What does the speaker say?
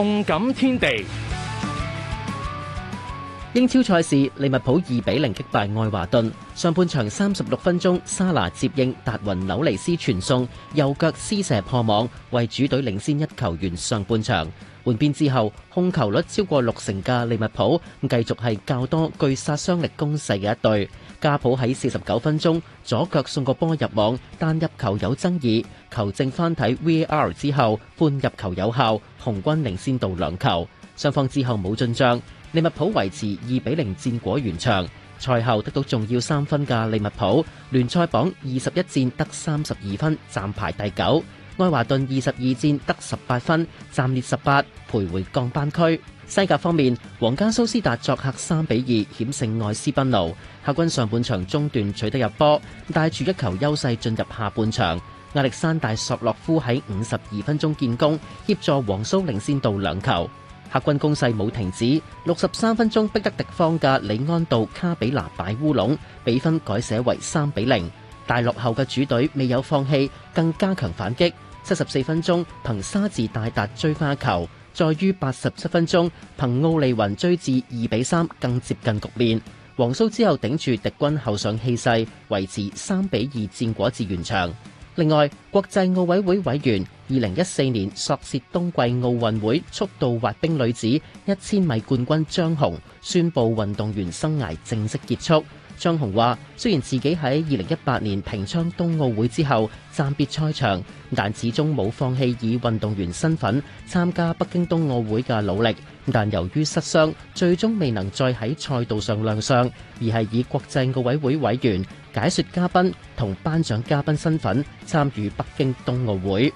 動感天地。英超賽事，利物浦二比零擊敗愛華頓，上半場三十六分鐘沙拿接應達雲紐尼斯傳送右腳撕射破網，為主隊領先一球完上半場。換邊之後，控球率超過六成嘅利物浦咁繼續係較多具殺傷力攻勢嘅一隊。加普喺四十九分鐘左腳送個波入網，單入球有爭議，球證翻睇 VR 之後判入球有效，紅軍領先到兩球。雙方之後冇進賬。利物浦維持二比零戰果完場，賽後得到重要三分嘅利物浦，聯賽榜二十一戰得三十二分，暫排第九。愛華頓二十二戰得十八分，暫列十八，徘徊降班區。西甲方面，皇家蘇斯達作客三比二險勝愛斯賓奴，客軍上半場中段取得入波，帶住一球優勢進入下半場。亞歷山大索洛夫喺五十二分鐘建功，協助皇蘇領先到兩球。客軍攻勢冇停止，六十三分鐘逼得敵方嘅李安道卡比拿擺烏龍，比分改寫為三比零。大落後嘅主隊未有放棄，更加強反擊。七十四分鐘憑沙治大達追花球，再於八十七分鐘憑奧利雲追至二比三，更接近局面。皇蘇之後頂住敵軍後上氣勢，維持三比二戰果至完場。另外，國際奧委會委員、二零一四年索契冬季奧運會速度滑冰女子一千米冠軍張虹，宣布運動員生涯正式結束。張虹話：雖然自己喺二零一八年平昌冬奧會之後暫別賽場，但始終冇放棄以運動員身份參加北京冬奧會嘅努力。但由於失傷，最終未能再喺賽道上亮相，而係以國際奧委會委員、解說嘉賓同頒獎嘉賓身份參與北京冬奧會。